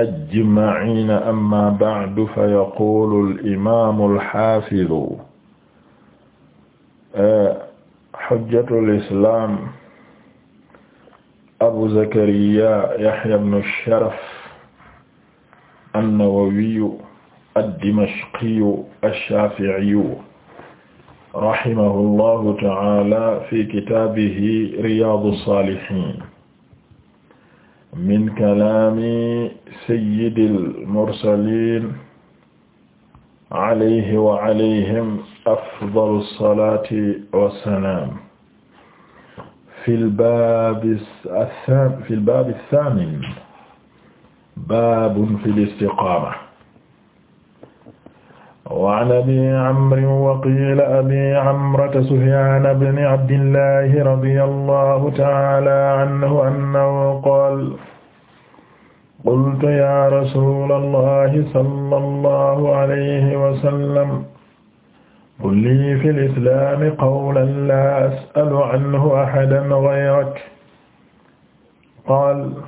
ajma'iin amma ba'du fa yaqulu al-imaamul haafidu hujjatul islaam abu zakariyaa yahya ibnu sharaf an-nawawiyyu ad-dimashqiyyu ash-shaafi'iyyu rahimahu llaahu ta'aalaa fi kitaabihi riyaadu saalihiin min kalaami sayyidil mursaliin alayhi wa alayhim afdalu salaati wa salaam fil baabi fil baabi saamin baabun fil istiqaama waan abi amrin wa qiila abi amrata sufyaan bni abdillahi radiyallahu ta'aala anhu annahu qaala qultu yaa rasuulallahi sallallahu alayhi wa sallam qul lii fil islaami qawlan laa as'alu anhu ahadan ghayrak qaala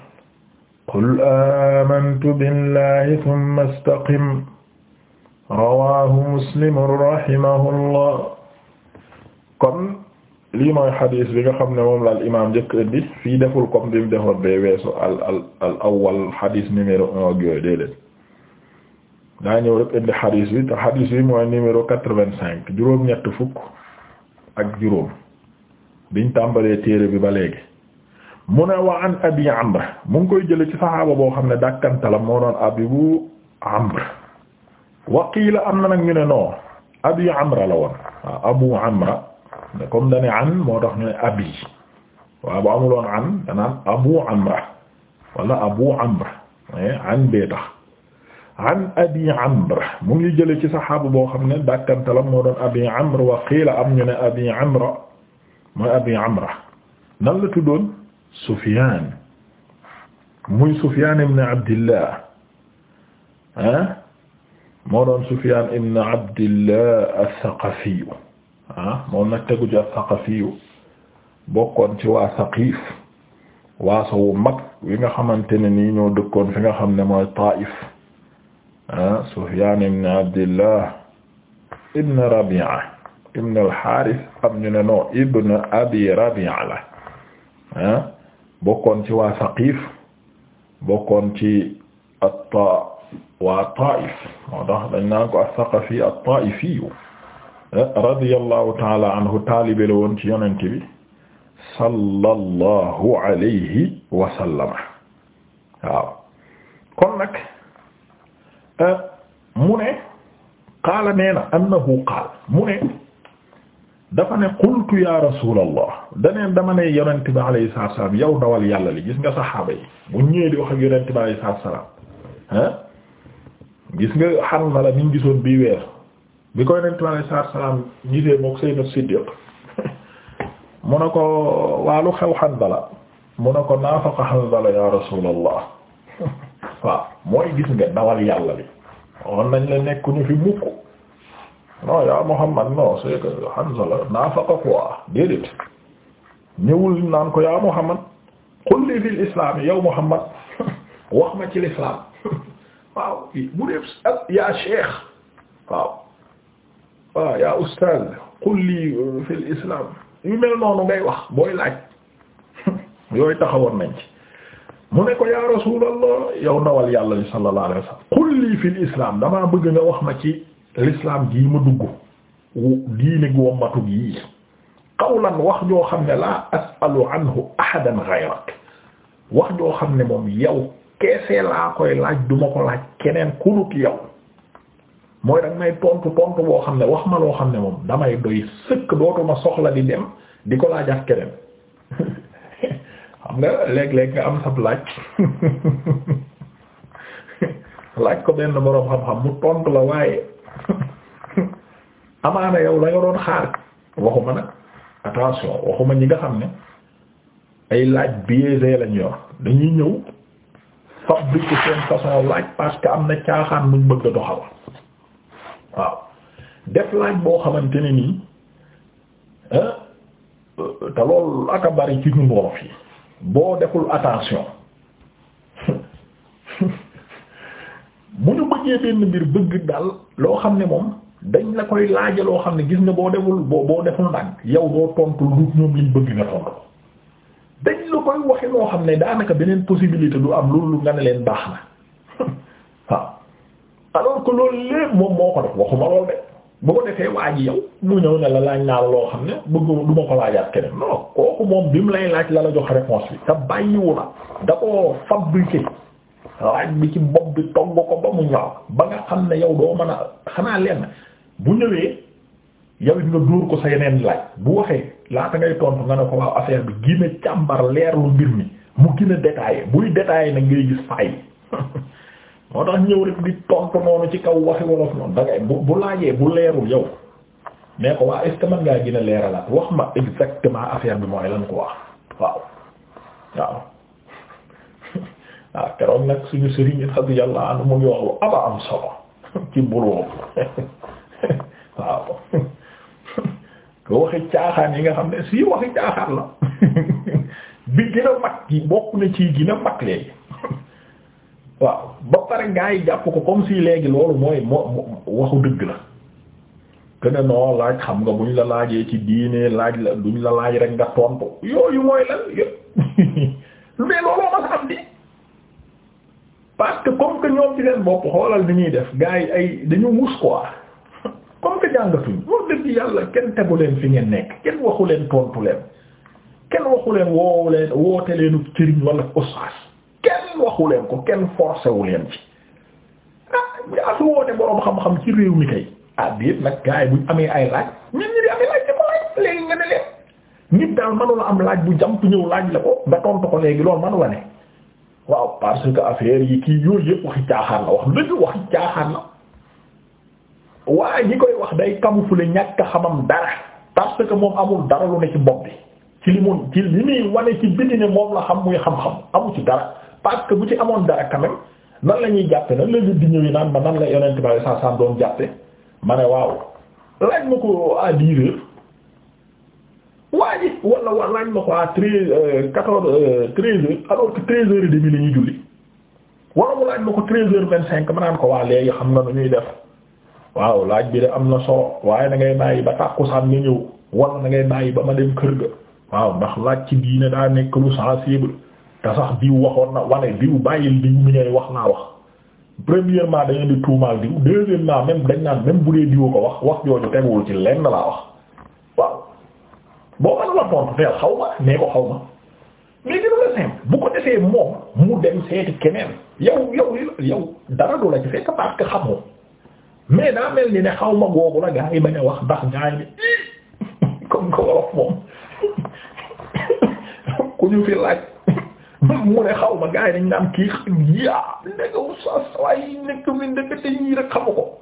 qul aamantu billahi thumma istaqim rawaahu muslim rahimahullah kon lii mooy xadis bi nga xam ne moom laal al imaam njëkk indi fii deful comme bi mu defoon bee weesu al al awwal xadis numéro un ak yooyu déedéet daa ñëw rek indi xadis bi te xadis bi mooy numéro juróom-ñett fukk ak juróom biñ tàmbalee téere bi ba léegi mu ne wa an abi amr mu ngi koy jële ci saxaaba boo xam ne dàkkantalam moo doon abibu amr waqiila am na nag ñu ne non abi abu amra ne comme dane an moo ne abi waaw bu amuloon an danaan abu amra wala abu amra eh, an bee tax an abi amr mu ngi jële ci saxaaba boo xam ne dàkkantalam moo doon abi amr waqiila am ñu nan la tuddoon sufyaan muy sufyaan ibn abdillah ah mooroon doon Sufyaan ibn Abdillah as-Saqafiyu ah moom nag tegu ci as-Saqafiyu bokkoon ci waa Saqif waaso wu mag wi nga xamante ne nii ñoo dëkkoon fi nga xam ne mooy Taif ah Sufyaan ibn Abdillah ibn Rabi'a ibn al-Harith am ñu ne non ibn Abi Rabi'a la ah bokkoon ci waa Saqif bokkoon ci at-Ta waa Taif moo tax dañ naan ko as-Saqafi at-Taifi radiyallahu ta'ala anhu taalibe la woon ci yonent bi sallallahu alayhi wa sallama waaw kon nag euh, mu ne qaala nee na dafa ne qultu ya rasulallah daneen dama ne yonent bi alayhi salaatu wa yow dawal yàlla li gis nga saxaaba yi bu ñëwee di wax ak yonent bi alayhi salaatu wa salaam gis nga Hanzala niñ gisoon bii weer bi koy nent mi alei salaatu salaam gisee mook Seydina Siddiq mu ne ko waalu xew Hanzala mu ne ko naafaqa Hanzala ya rasulallah mooy gis nga dawal yàlla bi waxoon nañ la nekkuñu fi mukk non ya Muhammad non c'est que Hanzala naafaqa quoi déedéet ñëwul naan ko ya Muhammad qul li fil islam yow Muhammad wax ma ci l'islam waaw bu dee yaa cheikh waaw waaw yaa ustaz qul li euh, fil islam yu mel noonu ngay wax booy laaj yooyu taxawoon nañ ci mu ne ko yaa rasulallah yow ndawal yàlla li sallallahu alayhi wasallam qul li fil islam damaa bëgg nga wax ma ci l'islam gii ma dugg diine gi wommatu gi qawlan wax joo xam ne laa asalu anhu ahadan ghayrak wax joo xam ne moom yow keesee laa koy laaj duma ko laaj keneen kulut yow mooy danga may tontu tontu boo xam ne wax ma loo xam ne moom damay doy sëkk dootuma soxla di dem di ko laaj ak keneen xam nga léeg-léeg nga am sab laaj laaj ko benn boroom xam-xam mu tontu la waaye amaana yow la nga doon xaar waxuma nag attention waxuma ñi nga xam ne ay laaj biaisé lañ yor dañuy ñëw fabrique seen façon laaj parce que am na caaxaan muñ bëgg a doxal waaw def laaj boo xamante ne nii te loolu aka bari ci ñun wolof yi boo deful attention bu ñu bëggee benn mbir bëgg daal loo xam ne moom dañ na koy laaja loo xam ne gis nga boo deful boo boo deful nag yow doo tontu lu ñoom liñ bëgg nga tontu koy waxe xam ne daanaka beneen possibilité du am loolu nga ne leen baax na que loolu lépp moom yow mu ñëw ne la laaj naa loo xam ne bëgg du ma ko kooku moom bi mu lay laaj la la jox réponse bi te bàyyiwu la da ko fabriqué laaj bi ci bopp bi togg ko ba mu ñaaw ba nga xam ne yow doo mën a xanaa leen bu ñëwee yow nga dóor ko sa yeneen laaj bu waxee laata ngay tontu nga ne ko wax affaire bi gën a càmbar leerlu mbir mi mu gën a buy détaillé nag ngay gis fay moo tax ñëw rek di tontu noonu ci kaw waxi wolof noonu da bu bu laajee bu leerul yow mais ko waa est ngaa gën leeralaat wax ma exactement affaire bi mooy lan ko wax waaw waaw waaw keroog nag suñu sëriñ radiyallahu anhu mu ngi wax lu am solo ci buloo waaw ko waxi caaxaan yi nga xam ne si waxi caaxaan la bi gën a mag yi bokk na ci gën a mag léegi waaw ba pare gaa yi jàpp ko comme si léegi loolu mooy moo waxu dëgg la gën a noo laaj xam nga bu ñu la laajee ci diine laaj la duñ la laaj rek nga tontu yooyu mooy lan yëpp mais looloo ma sa am di parce comme que ñoom ci seen bopp xoolal ni ñuy def gaa yi ay dañu mus quoi comme que jàngatuñ wax dëgg yàlla kenn tegu leen fi ngeen nekk kenn waxu leen tontu leen kenn waxu leen woowu leen woote leenu cëriñ wala osaas kenn waxu leen ko kenn forcé wu leen ci ah yaa fi woote boroom xam-xam ci réew mi kay ah nag gars buñ amee ay laaj ñun ñu di amee laaj di ko laaj nga ne leen nit am laaj bu jàmp ñëw laaj la ko nga tontu ko léegi loolu manula ne waaw parce que affaire yi kii yooyu yëpp waxi caaxaan la wax dëgg waxi caaxaan la waa ñi koy wax day camoufler ñàkk xamam dara parce que moom amul dara lu ne ci bopp bi ci li mu ci li muy wane ci biti ne moom la xam muy xam-xam amu ci dara parce que bu ci amoon dara quand même nan la ñuy jàppe nan la nit di ñëwee naan ma nan la yonent ba saa saa doon jàppe ma ne waaw laaj ma ko à dix heures waa ji wala wa laaj ko à treize euh, quatorze euh, treize heures alors que treize heures et demie ñuy julli wala mu laaj ma ko treize heures vingt cinq ma naan ko waa léegi xam nga nu ñuy def waaw laaj bi de am na solo waaye da ngay bàyyi ba tàkkusaan nga ñëw wala da ngay bàyyi ba ma dem kër ga waaw ndax laaj ci diine daa nekk lu sensible te sax diw waxoon na wane diw bàyyil diw mi ngay wax naa wax premièrement dañ di tuumaal diw naa même dañ naan même bu dee diw ko wax wax jooju teguwul ci lenn laa wax waaw boo man la tontu teel xaw ma nee ko xaw ma mais gëna la simple bu ko defee moom mu dem seeti keneen yow yow yow dara du la ci fekk parce que xamoo mais daa mel ni ne xaw ma googu la gaa yi bañ a wax ndax gaa yi comme ko wolof moom ku ñu fi laaj mu ne xaw ma gaa yi dañ naan kii yaa ndekawu sa sawaay nekk mi ndekete rek xamu ko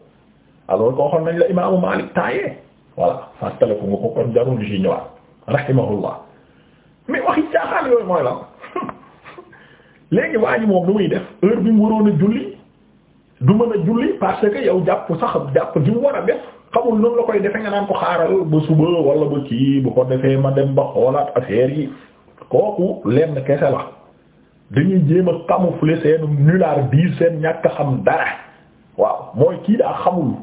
alors koo xam nañ la imaamu Maalik taayee voilà fàttaliku nga ko kon jarul ci ñëwaat rahimahullah mais waxi caaxaan yooyu mooy la léegi waa ji moom nu muy def heure bi mu waroon a julli du mën a julli parce que yow jàpp sax jàpp gi mu war a def xamul noonu la koy defe nga naan ko xaaral ba suba wala ba kii bu ko defee ma dem ba xoolaat affaire yi kooku lenn kese la dañuy jéem a camoufler seen nulaar biir seen ñàkk xam dara waaw mooy kii daa xamul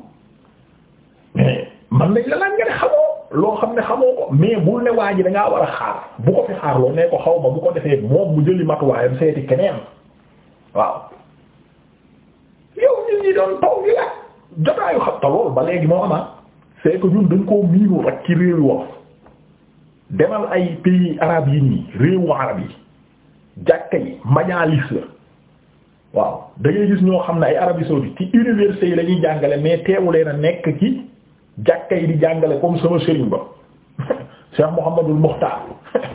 mais man nañ la nga ne xamoo loo xam ne xamoo ko mais bul ne waa ji war a xaar bu ko fi xaar loo nee ko xaw ma bu ko defee moom mu jëli matuwaayam seeti keneen waaw nit ñi doon taw gi jotaayu xam loolu ba léegi moo ama ah, c'est que ñun dañ koo miinu rek ci réewu wolof demal ay pays arabes yi nii réewu arab yi jàkka yi majaalis la waaw da gis ñoo xam ne ay arab saoudite ci université yi la ñuy jàngale mais teewulee na nekk ci jàkka yi di jàngale comme sama sëriñ ba Cheikh Mouhamadul Mukhtar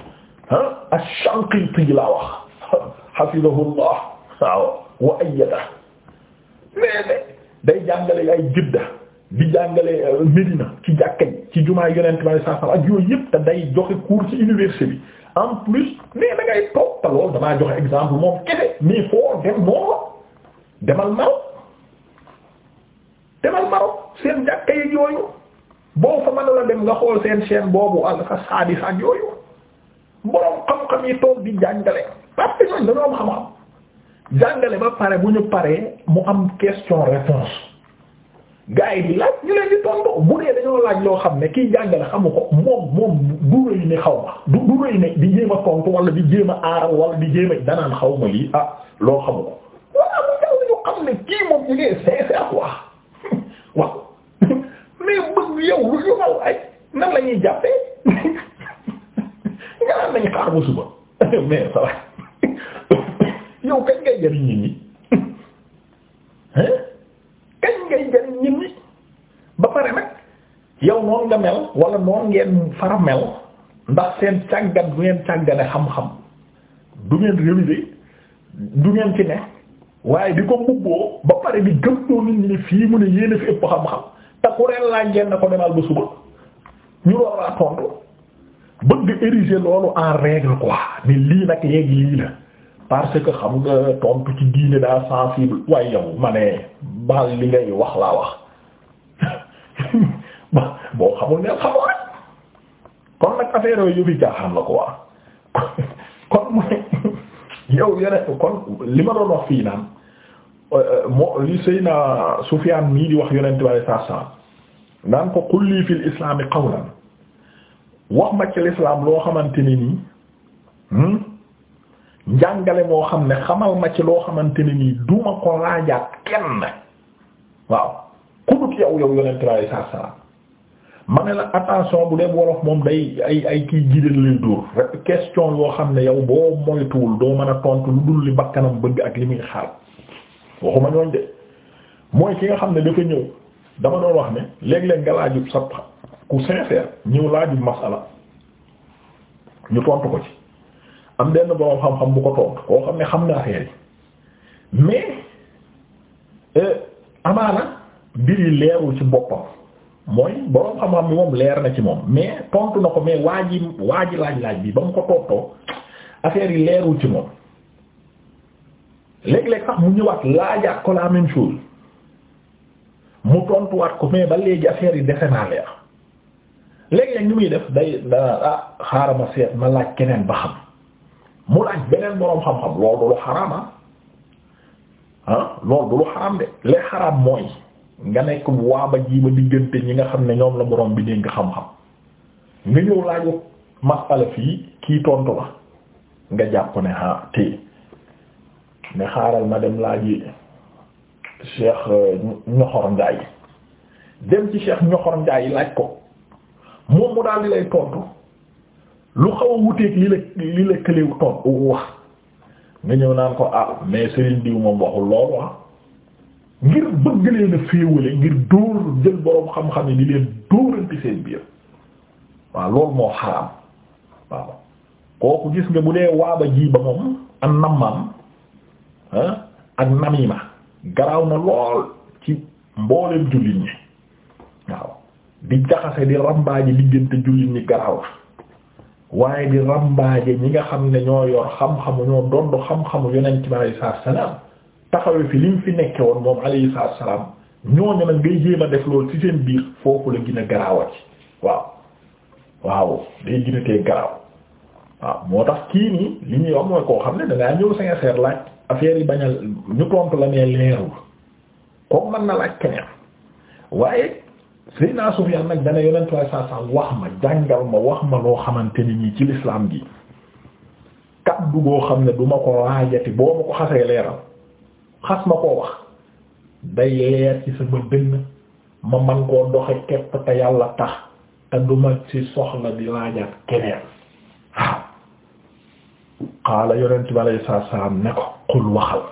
ah ash-Shanqiti laa wax hafizahullah waaw wa ayyada léeg day jàngale ay jidda di jàngale euh, Médina ci jàkka ci jumaa yonent bi sallallahu alayhi ak yooyu yëpp te day joxe cours ci université bi en plus mais da ngay toog te damaa joxe exemple moom kese mais foo dem noonu demal Maroc demal Maroc seen jàkka yi yooyu boo fa mën la dem nga xool seen chaîne boobu al Sadis ak yooyu borom xam-xam yi toog di jàngale parce que ñooñu xam-xam. jàngale ba pare bu ñu paree mu am question réponse gaa yi laaj ñu leen di tontu bu dee dañoo laaj loo xam ne kiy jàngale xamu ko moom moom du rëy ne xaw ma du rëy ne di jéem a tontu wala di jéem a aaral wala di jéem a danaan xaw ma lii ah loo xamu ko wala mu jaw ñu xam ne kii moom ñu ngi sincère quoi waaw mais bëgg yow lu ñu xaw ay nan la ñuy jàppee nga naan nañu xaar ba suba mais ça va yow kañ ngay jariñ nit ñi kañ ngay jariñ nit ba pare nag yow noon nga mel wala noon ngeen fara mel ndax seen càggat du ngeen càggane xam-xam du ngeen réviser du ngeen ci ne waaye di ko mbubboo ba pare bi gëmtoo nit ñi ne fii mu ne yéen fi ëpp xam-xam te ku reen laa ngeen na ko demal ba suba ñu door a tontu bëgg ériger loolu en règle quoi ni lii nag léegi lii la parce que xam nga tontu ci diine daa sensible waaye yow ma ne baal li ngay wax laa wax boo xamul ne xamoo rek kon nag affaire yooyu yëfi caaxaan la ko waa kon mu ne yow yeneen kon li ma doon wax fii naan euh, euh, moo li Seyna Sufyaan mii di wax yonent bi sallallahu alayhi naan ko qul lii fil islaami qawlan wax ma ci l'islam loo xamante ni nii hmm? njàngale moo xam ne xamal ma ci loo xamante ni nii duma ko laajaat kenn waaw ku dut yow yow yonent bi alayhi salaatu salaam ma ne la attention bu dee wolof moom day ay ay kii jiidal lay dóor rek question yoo xam ne yow boo moytuwul doo mën a tontu lu dul li bakkanam bëgg ak li muy xaal waxuma ñooñ de mooy ki nga xam ne dafa ñëw dama doon wax ne léeg-léeg nga laajub sab ku sincère ñëw laajub masala ñu tontu ko ci am benn borom xam-xam bu ko tontu koo xam ne xam na affaire yi mais euh, amaana mbir leerul ci boppam mooy borom xam-xam moom leer na ci moom mais tontu na ko mais waa ji waa laaj-laaj bi ba mu ko tontoo affaire yi leerul ci moom léeg mu ñëwaat laajaat ko tontuwaat ko mais ba léegi affaire yi defe naa leer léeg-léeg ñu muy def day ah xaaral ma seet ma laaj keneen ba xam. mu laaj beneen boroom xam-xam loolu du lu xaraam ah, ah loolu du lu xaraam de les xaraam mooy nga nekk waaba jiiba diggante ñi nga xam ne ñoom la boroom bi dénk xam-xam nga ñëw laaju masala fii kii tontu la nga jàpp ne ah téye ne xaaral ma dem laaji Cheikh Ñoxor euh, Njaay dem ci Cheikh Ñoxor Njaay laaj ko moom mu daal di lay tontu. lu xaw a wuteeg li la li la këlew toon wax nga ñëw naan ko ah mais Serigne diw moom waxul loolu ah ngir bëgg leen a féewale ngir dóor jël boroom xam-xam yi di leen dóoranti seen biir waaw loolu moo xaraam waaw kooku gis nga bu dee waaba ji ba moom ak nammaam ah ak namima garaaw na lool ci mbooleem jullit ñi waaw di jaxase di rambaaji diggante jullit ñi garaaw na waaye di rambaaje ñi nga xam ne ñoo yor xam-xamu ñoo doon xam-xamu yonent bi alayhi salaatu wa salaam taxawee fi lim fi nekke woon moom alayhi salaatu wa ñooñu nag ngay jéem a def loolu ci seen biir foofu la gën a garaawa ci waaw waaw day gën garaaw waaw moo tax kii nii li ñuy wax mooy koo xam ne dangaa ñëw sincère laaj affaire yi bañal ñu tontu la nee leerul kooku mën na laaj keneen waaye Seydina Sufyaan nag dana yonent waaye saa saa wax ma jàngal ma wax ma loo xamante ni ñi ci lislaam gi kaddu goo xam ne du ma ko waajati boo ma ko xasee leeral xas ma ko wax day leer ci sama dënn ma man koo doxe képp te yàlla tax te du ma ci soxla di laajaat keneen waaw qaala yonent bi alayhi ne ko qul waxal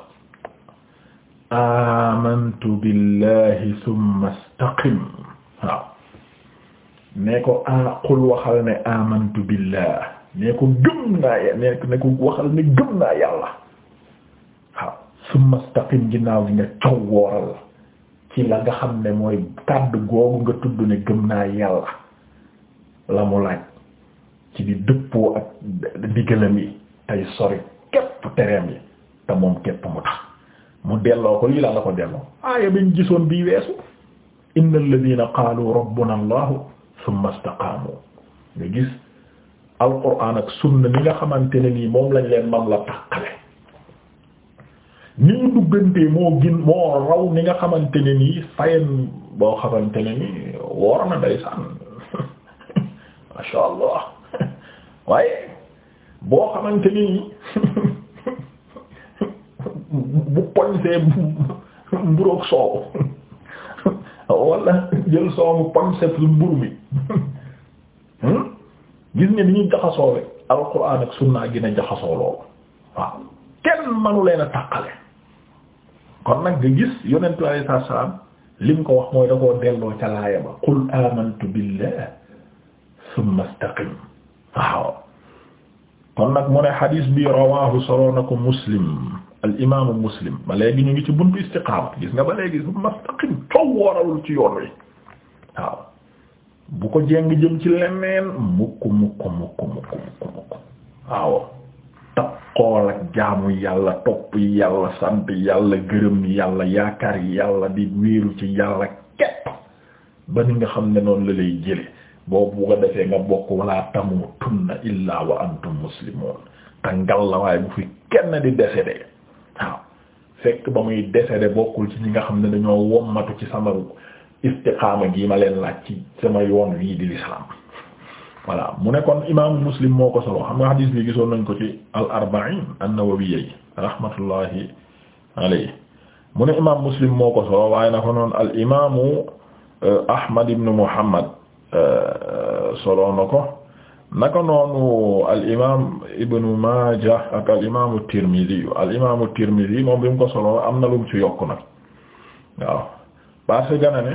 amantu billahi thumma istaqim waaw ne ko a ah, qul waxal ne amantu billah ne ko gëm naa y ne ko waxal ne gëm naa yàlla waaw summa istaqim ginnaaw gi nga cow wooral ci la nga xam ne mooy kàddu googu nga tudd ne gëm naa yàlla la mu laaj ci di dëppoo ak digalam yi tey sori képp tereem yi te moom mu tax mu delloo ko lii laa la ko delloo aaya bi ñu gisoon bii weesu inna alladina qaalu rabbuna allahu summa staqaamu nga gis alquran ak sunna ni nga xamante ne nii moom lañ leen mam la tàqale ni ñu duggantee moo gin moo raw ni nga xamante ne nii fayen boo xamante ne nii woor na day sànn masha allah waaye boo xamante nii bu poñsee mburoog soow wala jël soomu pamset lu mburu mi hmm? gis nga ni ñuy jaxasoo rek alquran ak sunna gën a jaxasoo loolu waaw kenn manu leen a tàqale kon nag nga gis yonentu alayhi salaam lim ko wax mooy da koo delloo ca laaya ba qul amantu billah thumma istaqim waaw kon nag mu ne xadiis bi rawaahu solo ko muslim al imaamu muslim ba léegi ñu ngi ci buntu istiqaama gis nga ba léegi su mastaqim coow wooralul ci yoon wi waaw bu ko jeng jëm ci leneen mukk mukk mukk mukk mukk mukk waaw takkool ak jaamu yàlla topp yàlla sant yàlla gërëm yàlla yaakaar yàlla di wéeru ci yàlla képp ba ni nga xam ne noonu la lay jële boobu ko defee nga bokk wala tamutunna illaa wa antum muslimun te ngal la waaye bu fi kenn di décédé fekk ba muy décédé bokkul ci ñi nga xam ne dañoo wommatu ci sama istiqaama gi ma leen laaj ci sama yoon wii di l'islam voilà mu ne kon imaamu muslim moo ko solo xam nga hadis bi gisoon nañ ko ci al arba'in an-nawawiyyi rahmatullahi alayhi mu ne imaam muslim moo ko solo waaye na ko noon al imaamu eh, ahmad ibn muhammad eh, solo na ko naka noonu al imaam Ibn Maaja ak al imaamu Tirmidi al imaamu Tirmidi moom bi mu ko solo am na lu mu ci yokk nag waaw parce que gana ne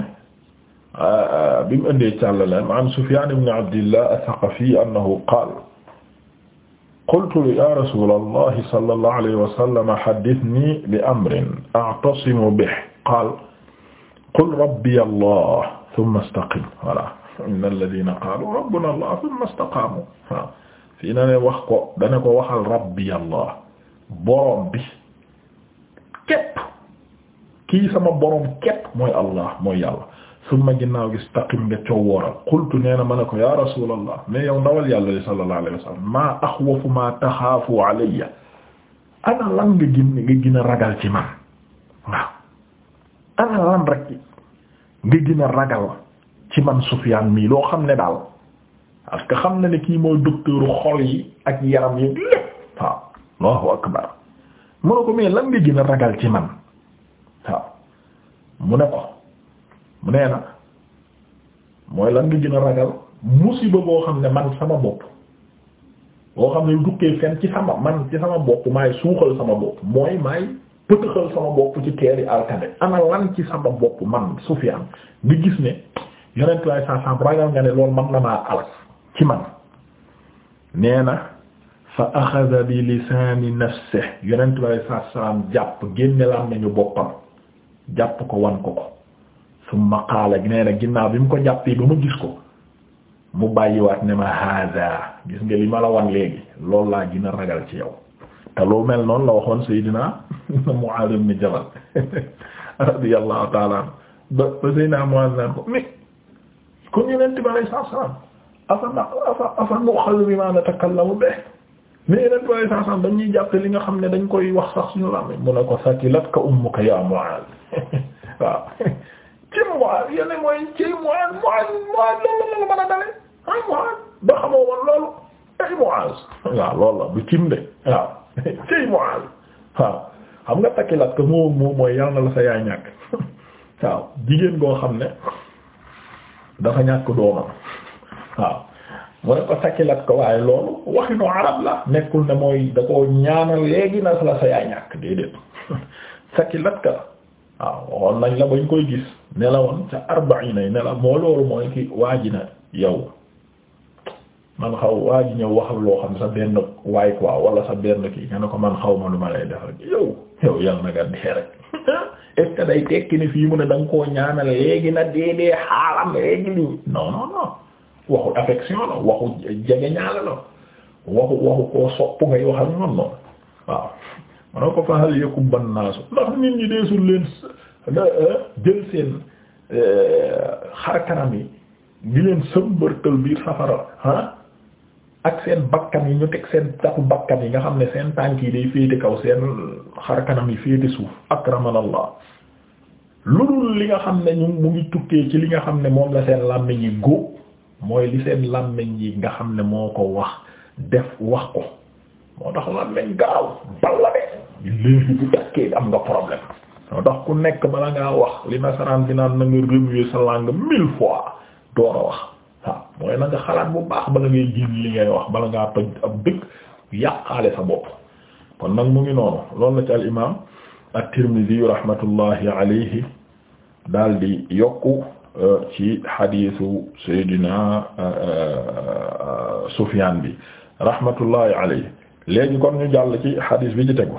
bi mu indee càllaleem an Sufyaan ibn Abdillah as-Saqafi annahu qaala qultu ya rasuulallahi sallallahu alayhi wa sallam haddithni bi amrin a'tasimu bihi qaala qul rabbiya Allah thumma istaqim voilà inna alladina qaalu rabbuna allah thumma istaqaamu waaw fii na ne wax ko dana ko waxal rabbi allah borom bi képp kii sama borom képp mooy allah mooy yàlla summa ginnaaw gi istaqim nga coow wooral qultu nee na ma ne ko ya rasulallah mais yow ndawal yàlla li sallallahu alayhi wa sallam maa axwafu maa taxaafu alayya ana lan nga gin nga gën a ragal ci man waaw ana lan rek nga gën a ragal ci man Sufyaan mii loo xam ne daal parce que xam na ne kii mooy docteuru xol yi ak yaram yi lépp waaw Allahu akbar mu ne ko mais lan nga gën a ragal ci man waaw mu ne ko mu nee na mooy lan nga gën a ragal musiba boo xam ne man sama bopp boo xam ne dukkee fenn ci sama man ci sama bopp maay suuxal sama bopp mooy maay pëtëxal sama bopp ci teeri alkande ana lan ci sama bopp man Sufyaan nga gis ne yonent waaye saa saam ragal nga ne loolu man na maa alal ci man nee na fa axada bi lisaani nafse yonent waaye saa saam jàpp génne lam nañu boppam jàpp ko wan ko ko summa qaala nee ginnaaw bi mu ko jàppee ba mu gis ko mu bàyyiwaat ne ma hada gis nga li ma la wan léegi loolu laa gën ragal ci yow te lu mel noonu la waxoon Seydina Mu'adh ibn Jabal radiyallahu ta'ala ba ba Seydina Mu'adh naan ko kon yeneen bi alayhi salaatu salaam afa afa afa nu'xazu bimaa natakallamu bihi mais yeneen bi alayhi salaatu salaam dañuy jàpp li nga xam ne dañ koy wax sax suñu la amee. mu ne ko sakilatka ummuka yaa Mu'aaz waaw ci Mu'aaz yéen a mooy ci loolu la la mën a dalee ay ah, Mu'aaz ba xamoo woon loolu ay Mu'aaz waaw loolu la bu cim de waaw ci Mu'aaz waaw xam nga sakilatka moo moo mooy yàlla na la sa yaay ñàkk waaw jigéen goo xam ne. dafa ñàkk doomam waaw mu ne ko sakkilat ko waaye loolu waxinu arab la nekkul ne mooy da ko ñaanal léegi na la sa yaay ñàkk déedéet sakkilat ka waaw waxoon nañ la bañ koy gis ne la woon ca arbaina yi ne la moo loolu mooy ki waaji na yow man xaw waa ji ñëw waxal loo xam sa benn waay quoi wala sa benn kii nga ko man xaw ma lu ma lay defal yow yow yal na nga dee rek est-ce day tekki ni fii mu ne da koo ñaanal léegi na dee dee xaalam léegi lu non non waxu affection la waxu jege ñaala la waxu waxu koo sopp ngay wax noonu noonu waaw manoo ko faxal yëkkum ban naasu ndax nit ñi deesul leen eh, jël seen eh, xar yi di leen sëmbërtal biir safara ah ak seen bakkan yi ñu teg seen taxu bakkan yi nga xam ne seen tànk yi day féete kaw seen xar kanam yi féete suuf akramanallah lu dul li nga xam ne mu ngi tukkee ci li nga xam ne moom la seen làmmiñ yi go mooy li seen làmmiñ yi nga xam ne moo ko wax def wax ko moo tax làmmiñ gaaw balla léegi bu takkee am nga problème moo tax ku nekk bala ngaa wax li nasaraan bi naan na nga remuer sa langue mille fois door a wax mooy na nga xalaat bu baax bala ngay génn li ngay wax ba ngaa toj ab fa yàqaale sa kon nag mu ngi noonu loolu la ci al imaam at-Tirmidhi rahmatullahi di yokku euh, ci xadiisu Seydina euh, euh, Sufyaan bi rahmatullahi alayhi léegi kon ñu jàll ci xadiis bi ci tegu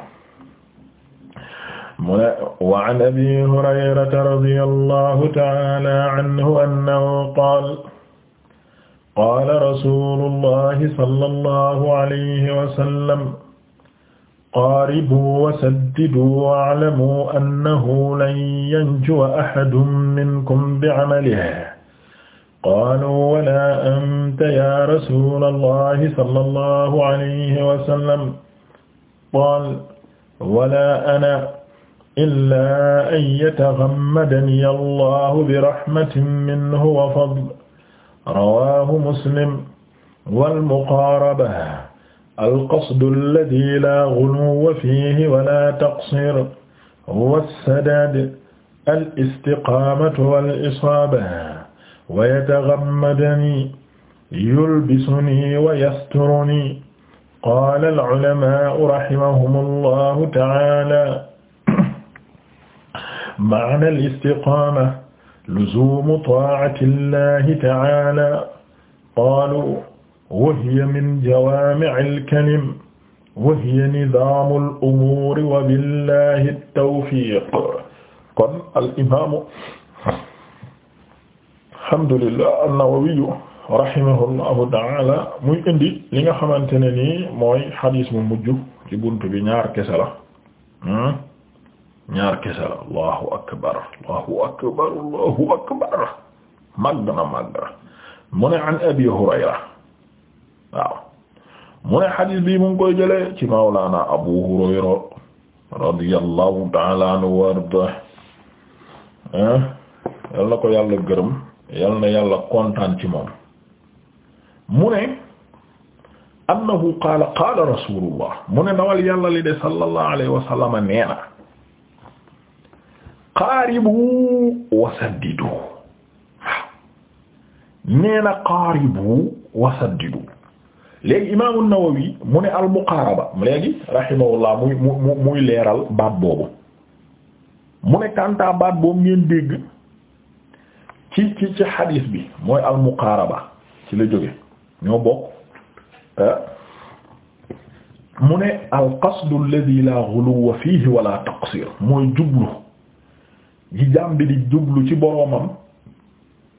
wa an abi hurayrata radiyallahu ta'ala anhu annahu qaala qaala rasuulullahi sallallahu alayhi wa sallam qaaribuu wa saddiduu wa'lamuu annahu lan yanjuwa ahadun minkum bi'amalihi qaaluu walaa anta yaa rasuulallahi sallallahu alayhi wa sallam qaala walaa ana illaa an yataghammadaniya allahu birahmatin minhu wa fadlin rawaahu muslim wal muqaaraba alqasdu alladi laa guluwwa fiihi wala taqsiir wassadaad alistiqaamatu wal isaaba wa yatagammadani yulbisuni wa yasturuni qaala alculamaa'u rahimahumullahu ta'aala ma'na alistiqaama luzumu taa'ati llahi ta'aala qaalu wa hiya min jawaami'il kalim wa hiya nizaamul umuuri wa billahi tawfiiq kon al imaamu alhamdulillah an-Nawawi rahimahullahu ta'aala muy indi li nga xamante ne nii mooy xadiis mu mujj ci buntu bi ñaar kese la hmm? ñaar kese la akbar allahu akbar allahu akbar màgg na màgg na mu an abi hurayra waaw koy jëlee ci abu hurayra radiyallahu taala anhu wa ardah eh? yal na ko yàlla gërëm yal na moom mu ne annahu qaala qaala rasulullah mu ne ndawal yàlla li de sallallahu alayhi wa qaaribu wasaddidu waaw nee na qaaribu wasaddidu léegi imaamu Nawawi mu ne al muqaaraba léegi rahimahullah muy muy muy leeral baat boobu mu ne kàntaa baat boobu ngeen dégg ci ci ci xadiis bi mooy al muqaaraba ci la jóge ñoo bokk eh? mu ne al qasdu alladhi la ghuluwa fihi wala taqsir mooy jublu yi jaam bi di jublu ci boroomam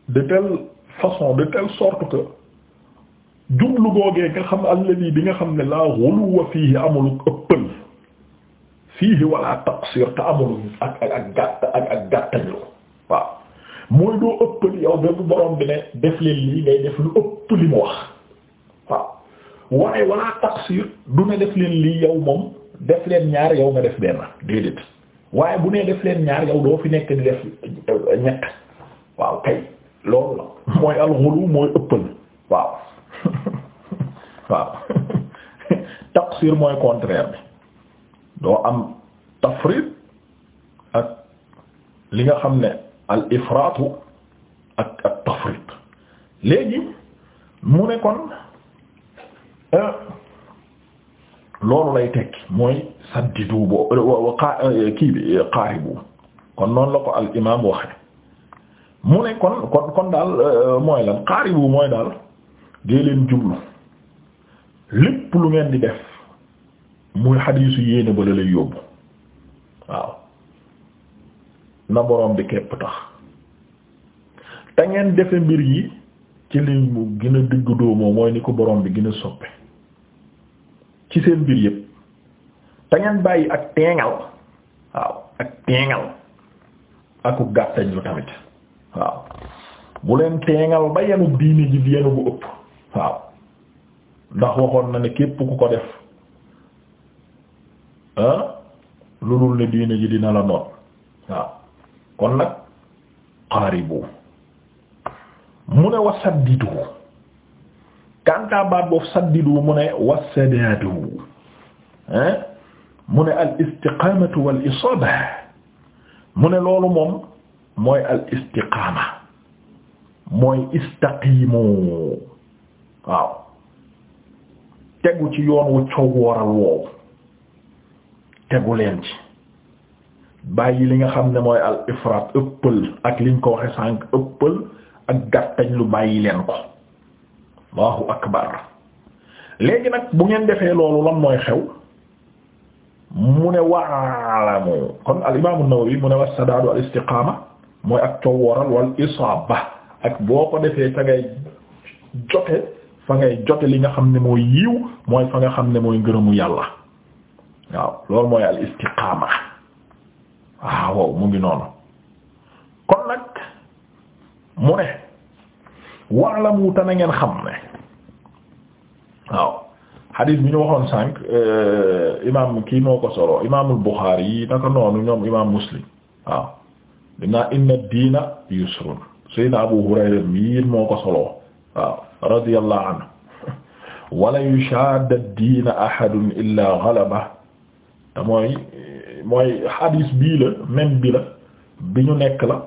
de telle façon de telle sorte que jublu googee nga xam alladi bi nga xam ne laa xuluwa fiihi amulu ëppal fiihi wala taqsir te amul ak ak ak gàtt ak ak gàttañlu waaw mooy doo ëppal yow bépp boroom bi ne def leen lii ngay def lu ëpp li mu wax waaw waaye wala taqsir du ne def leen lii yow moom def leen ñaar yow nga def benn déedéet waaye bu nee def leen ñaar yow doo fi nekk di def euh, ñett waaw kay loolu mooy alxulu mooy ëppal waaw waaw taqsir mooy contraire bi doo am tafrid ak li nga xam ne al ifraatu ak ak tafrid léegi mu ne kon euh, loolu lay tekki mooy saddidu boo kii bi qaaribu kon noonu la ko al imaam waxe mu ne kon kon kon daal euh, mooy lan qaaribu mooy daal dee leen jublu lépp lu ngeen di def muy xadiisu yéene ba la lay yóbbu waaw na boroom bi képp tax te ngeen defe mbir yi ci li mu gën a digg doomoo mooy ni ko boroom bi gën a soppe ci seen mbir yëpp te ngeen bàyyi ak teengal waaw ak teengal aku gàttañ lu tamit waaw bu leen teengal ba yenu diine ji yenu bu ëpp waaw ndax waxoon na ne képp ku ko def ah, lu dul ne diine ji dina la noon waaw kon nag xaaribu mu ne wasadditu kanta baat boofu saddidu mu ne wassadadu ah mu ne al istiqamatu wal isaba mu ne loolu moom mooy al istiqaama mooy istaqimu waaw tegu ci yoon wu coow woowu tegu leen ci bàyyi li nga xam ne mooy al ifraat ëppal ak liñ ko waxe sànq ëppal ak gàttañ lu bàyyi leen ko Allahu akbar léegi nag bu ngeen defee loolu lan mooy xew mu ne waalamu kon al imaamu Nawawi mu ne wa sadaadu al istiqaama mooy ak cowooral wal isaaba ak boo ko defee fa ngay jote fa ngay jote li nga xam ne mooy yiw mooy fa nga xam ne mooy mu yàlla waaw loolu mooy al istiqaama waaw mu ngi noonu kon nag mu ne wa'lamu te na ngeen xam ne waaw hadith bi ñu waxoon sànq euh, imaam kii moo ko solo imaamul Buxaari yi naka noonu ñoom imaam Muslim waaw dinaa inna diina yusrun Sayyidina Abu Hurayra mii moo ko solo waaw radiyallahu anhu wala yushaadda diina ahadun illaa ghalaba te mooy mooy hadith bii la même bi la bi ñu nekk la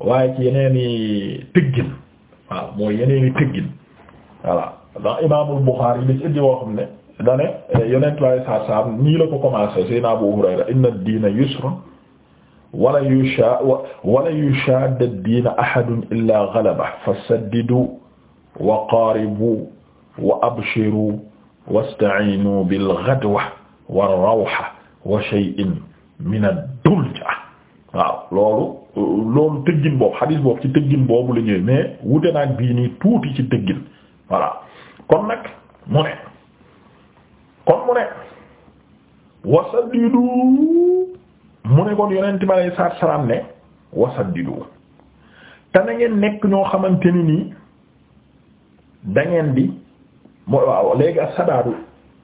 waaye ci yeneen i tëggin waaw mooy yeneeni tëggin voilà ndax imaamul Buxaari yi da ci indi woo xam ne dane eh, yonent lay saar saar nii la ko commencé sayna Abu Hurayra inna ad-diina yusrun wala yusha wala yushaadda ad-diina ahadun illaa ghalabahu fasaddidu wa qaaribu wa abshiru wasta'iinu bil ghadwa war rawha wa shay'in min ad-dulja waaw loolu loolu tëggin boobu xadiis boobu ci tëggin boobu la ñëwee mais wute ak bii nii tuuti ci tëggin voilà kon nag mu ne kon mu ne wasaddidu mu ne kon yonent bi alay salaam ne wasaddidu te na ngeen nekk ñoo xamante ni nii da ngeen di mooy waaw léegi ak sadaadu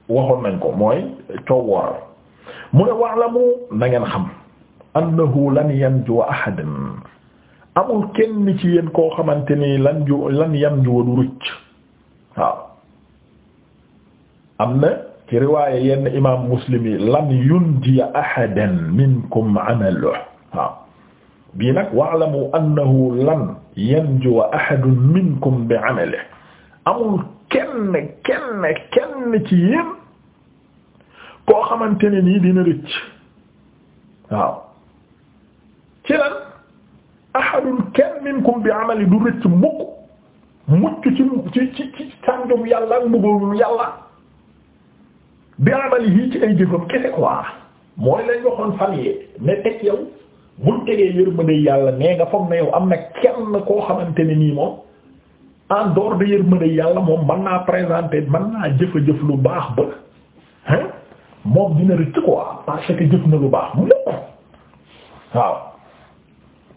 waxoon nañ ko mooy coow wooral mu ne wax la mu na ngeen xam annahu lan yanju ahadan amul kenn ci yéen koo xamante ni lan ju lan yanju du rucc waaw am na ci riwaaya yenn imaam muslim yi lan yunjiya ahadan minkum amalu waaw bii nag wa'lamu annahu lan yanju ahadun minkum bi amali amul kenn kenn kenn ci yéen koo xamante ne nii dina rëcc waaw ci lan ahadun kenn minkum bi amali du rëcc mukk mucc ci ci ci ci sànjum yàlla mbugalum yàlla bi amali yii ci ay jëfam kese quoi mooy lañ waxoon fan yi ne teg yow buñ tegee yërmande yàlla nee nga foog na yow am na kenn koo xamante ne nii moom en dehors de yërmande yàlla moom mën naa présenter mën naa jëfa jëf lu baax ba hein moom dina rëcc quoi parce que jëf na lu baax mukk waaw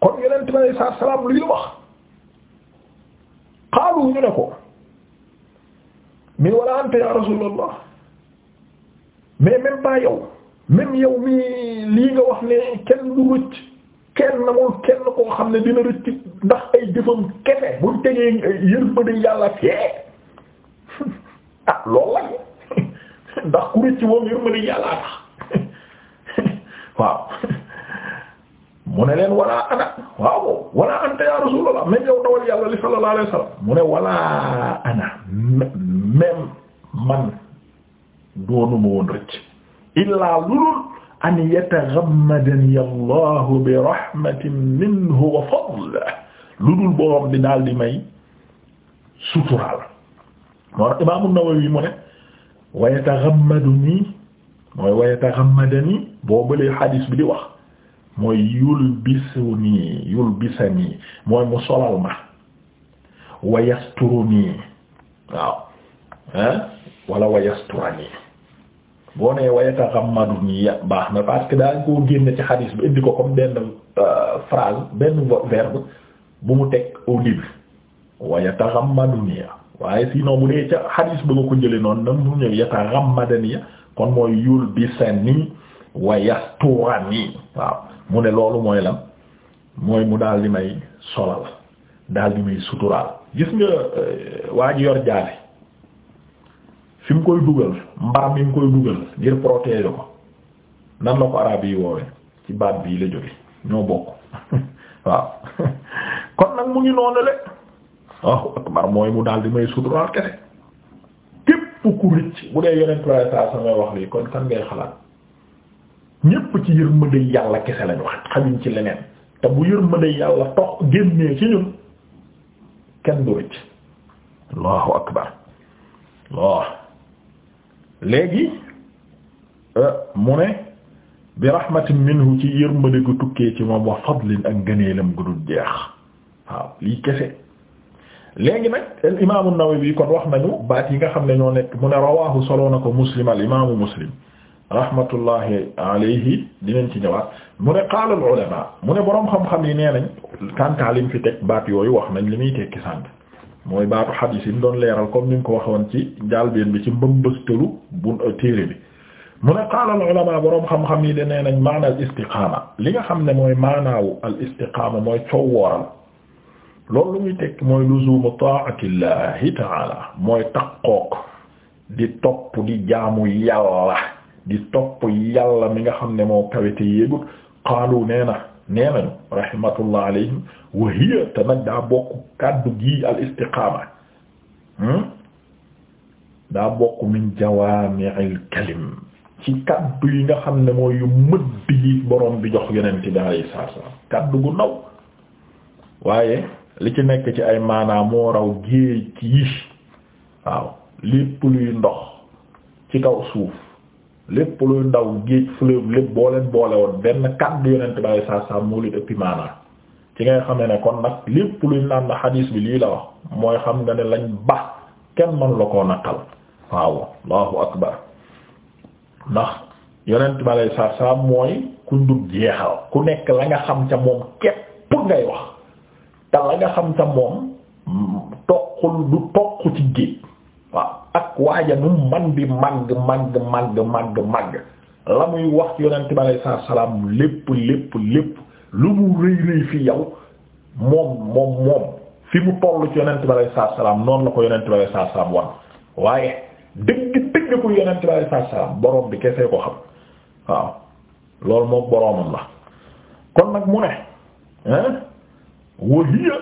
kon yonent bi alayhi salaatu salaam luy wax xaalu ñu ne ko mais wala anta ya rasulallah mais même pas yow même yow mi lii nga wax ne kenn du rëcc kenn namul kenn koo xam ne dina rëcc ndax ay jëfam kese buñ tegee yërmande yàlla fee ah loolu la ndax ku rëcc moom yërmande yàlla tax waaw mu ne leen wala ana waaw wala anta ya rasulullah même yow dawal yàlla li sallallahu alayhi wasallam mu ne wala ana même man doonuma woon rëcc illaa lulul an yataghammadani allahu bi rahmatin minhu wa fadl ludul borom bi daal di may suturaal moo tax imaamu Nawawi mu ne wa yataghammaduni mooy wa yataghammadani boo bëlee xadiis bi di wax mooy yul bisu nii yul bisa nii mooy mu solal ma wa yasturu waaw hein wala wa yastura nii boo nee wa yataxammadu nii baax na parce que daa koo génne ci xadiis bi indi ko comme benn euh, phrase benn verbe bu mu teg au début wa yataxammadu nii waaye sinon bu dee ca xadiis ba nga ko jële noonu nag mu ñëw yataxammadani kon mooy yul bisa nii wa yastura waaw mu ne loolu mooy lan mooy mu daal di may solal daal di may suturaal gis nga euh, waa ji yor jaasi fi mu koy dugal mbar mi mu koy dugal ngir protéger ko nan la ko araab yi woowe ci baat bii la jóge ñoo bokk waaw kon nag mu ngi noonu le waaw akbar mooy mu daal di may suturaal kese képp ku rëcc bu dee yeneen trois cent wax lii kon kan ngay xalaat ñépp ci yërmande yàlla kese lañu wax xamuñ ci leneen te bu yërmande yàlla tox génnee ci ñun kenn du rëcc allahu akbar waaw léegi euh, mu ne bi rahmatin minhu ci yërmande gu tukkee ci moom wa fadlin ak ngëneelam gu dul jeex waaw lii kese léegi nag al imaamu Nawawi kon wax nañu baat yi nga xam ne ñoo nekk mu ne rawaahu solo na ko muslim al imaamu muslim rahmatullahi alayhi dinañ ci ñëwaat mu ne qaala al ulama mu ne boroom xam-xam yi nee nañ kanta lim fi teg baat yooyu wax nañ li muy tekki sànq mooy baatu xadiis yi mu leeral comme ni mu ko waxoon ci njàlbeen bi ci mbëmbëstalu bu euh, téere bi mu ne qaala al ulama boroom xam-xam yi de nee nañ maana al istiqaama li nga xam ne mooy maanaawu al istiqaama mooy coow wooral lu muy tekki mooy luzumu taa'atillahi ta'ala mooy taqook di topp di jaamu yàlla di topp yàlla mi nga xam ne moo kawete yéegut qaalu nee na nee nañu rahmatullah alayhim wa nag daa bokk kàddu gi al istiqaama hmm? daa bokk min jawaami'il kalim ci kaddu yi nga xam ne mooy yu mëdd yi borom bi jox yeneen ci daal saa saa kaddu gu ndaw waaye li ci nekk ci ay maanaam moo raw géej yi waaw lépp luy ndox ci kaw suuf lépp luy ndaw géej fleuve lépp boo leen boole woon benn kàddu yonent bàyyi saa saa moo leen ëppi maanaa ci ngay xamee ne kon nag lépp luy naan xadiis bi lii la wax mooy xam nga ne lañ ba kenn man la koo naqal waaw allahu akbar ndax yonent bàyyi saa saa mooy ku ndub jeexal ku nekk la nga xam ca moom képp ngay wax te la nga xam ca moom toqul du toq ci géej waaw ak waaja nu man bi màgg màgg màgg màgg màgg la muy wax ci yonent bi alayhi salaatu salaam lépp lépp lépp lu mu rëy rëy fi yow moom moom moom fi mu toll ci yonent bi alayhi salaatu salaam noonu la ko yonent bi alayhi salaatu salaam wan waaye dëgg dëgg ku yonent bi alayhi salaatu salaam boroom bi kese ko xam waaw loolu moom boroomam la kon nag mu ne hein wahiya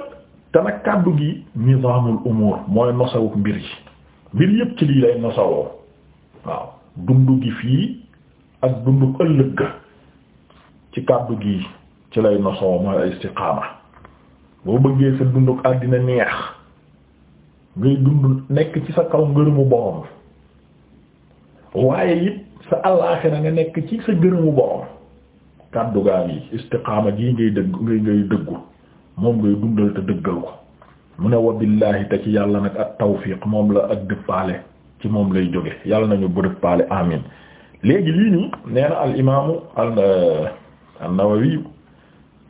te nag kàddu gi nizaamul umuur mooy nosawuk mbir yi mbir yépp ci lii lay nosawoo waaw dund gi fii ak dundu ëllëg ci kàddu gi ci lay nosawoo mooy istiqaama boo bëggee sa dunduk àddina neex ngay dund nekk ci sa kaw ngërëmu borom waaye it sa àllaaxira nga nekk ci sa ngërëmu borom kàddu gaa yi istiqaama gii ngay dëgg ngay ngay dëggu moom ngay dundal te dëggal ko mu ne wa billahi te ci yàlla nag ak tawfiq moom la ak dëppaale ci moom lay jóge yàlla nañu bu dëppaale amin léegi lii nii nee na al imaamu euh, an-Nawawi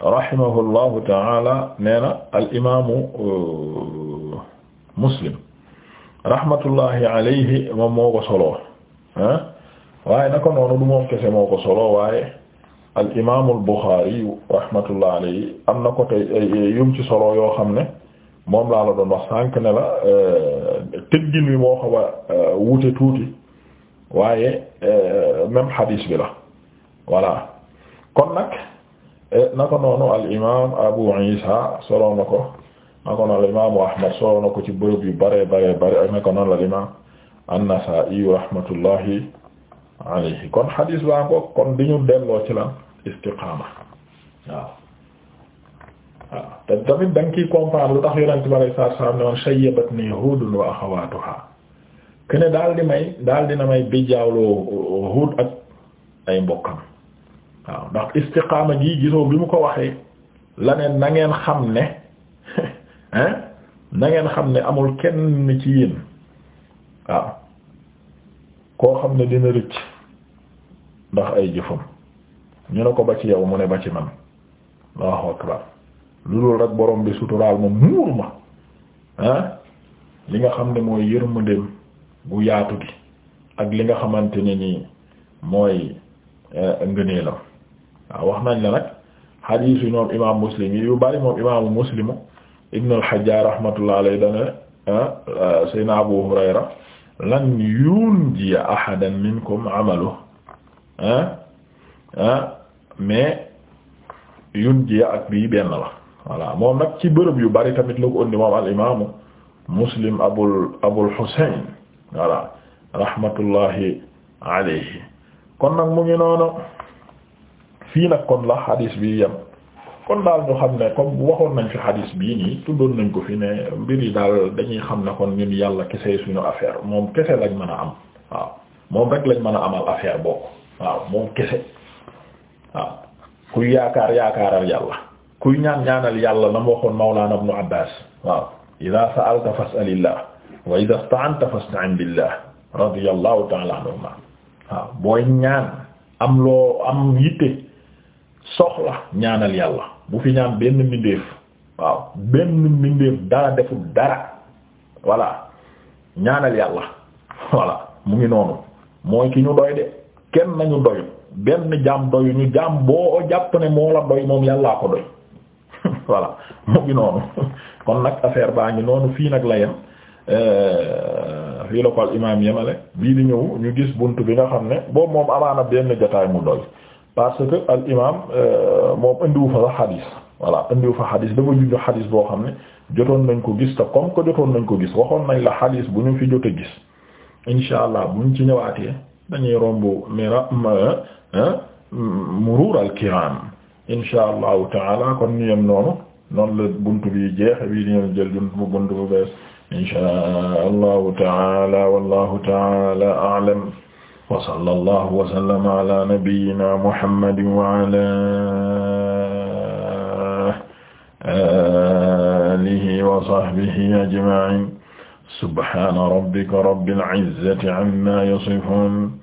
rahimahullahu taala nee na al imaamu euh, Muslim rahmatullahi alayhi moom moo ko soloo waaye naka noonu moom kese moo ko waaye al imaamu al Buxaari rahmatullahi alayhi am na ko tey yum ci soloo yoo xam ne moom laa la doon wax sànq ne la euh, tëggin wi moo xaw euh, wute tuuti waaye euh, même hadis bi la voilà kon nag naka noonu al imaam Abu Isa solo na ko naka noonu al imaamu Ahmad solo na ko ci bërëb yu bare bare bare ak naka noonu al imaam an-Nasaa'i rahmatullahi alayhi kon hadis baa ko kon di ñu delloo ci lan istiqaama waaw. waaw te tamit da nga ciy comprendre lu tax yonent bi sallallahu alayhi wasallam ne woon shayyabatnii Huudun wa axawaatuhaa kene daal di may daal dina may bijjaaloo Huud ak ay mbokkam waaw ndax istiqaama gi gisoo bi mu ko waxee la ne na xam ne hein na xam ne amul kenn ci yéen waaw koo xam ne dina rëcc ndax ay jëfam ñu ne ko ba ci yow mu ne ba ci man Allahu akbar lu dul rek borom bi suturaal ma muur ma ah, li nga xam ne mooy yërmandeem bu yaatu gi ak li nga xamante ne nii mooy eh, ngëneelam waaw wax nañ la nag xadiis yu ñoom imaam muslim yi yu bari moom imaamu muslimu ibnu alxajaaj rahmatullah alayhi dana ah, eh, sayna abu hurayra lan yunji ahadan minkum amalu ah ah mais ak bii benn la voilà moom nag ci bërëb yu bari tamit la ko indi moom al imaamu muslim abul abul husayn voilà rahmatullahi alayhi kon nag mu ngi noonu fii nag kon la xadiis bi yem kon daal ñu xam ne comme waxoon nañ fi xadiis bii nii tuddoon nañ ko fi ne mbir yi daal dañuy xam ne kon ñun yàlla kese suñu affaire moom kese lañ mën a am waaw moom rek lañ mën a amal affaire boobu waaw moom kese waaw kuy yaakaar yaakaaral yàlla kuy ñaan ñaanal yàlla la mu waxoon Mawlana Ibn Abbas waaw ida sa'alta fas'alillah wa ida ista'anta fasta'in billah radiyallahu ta'ala anhuma waaw booy ñaan am loo am yitte soxla ñaanal yàlla bu fi ñaan benn mbindeef waaw benn mbindeef dara deful dara voilà ñaanal yàlla voilà mu ngi noonu mooy ki ñu doy de kenn nañu doy benn jaam doyu ñu jaam boo jàpp ne moo la doy moom yàllaa ko doy voilà mu ngi noonu kon nag affaire baa ngi noonu fii nag la yem euh, fii la ko al imaam yemale bii di ñëw ñu gis bunt bi nga xam ne boobu moom amaana benn jotaay mu doy parce que al imaam euh, moom indiwu fa sax xadiis voilà indiwu fa xadiis dafa junju xadiis boo xam ne jotoon nañ ko gis te comme que jotoon nañ ko gis waxoon nañ la xadiis bu ñu fi jot a gis insha allah buñ ci ñëwaatee dañuy romb mira euh, muruur al kiram insha allahu taala kon ñu yem noonu noonu la buntu bi jeex bii di ñëw jël buntu bu buntu bu bees insha allahu taala wallahu taala a'lam wa sallallahu wa sallama ala nabiyyina muhammadin wa ala alihi wa sahbihi ajma'in subhana rabbika rabbil izzati amma yasifun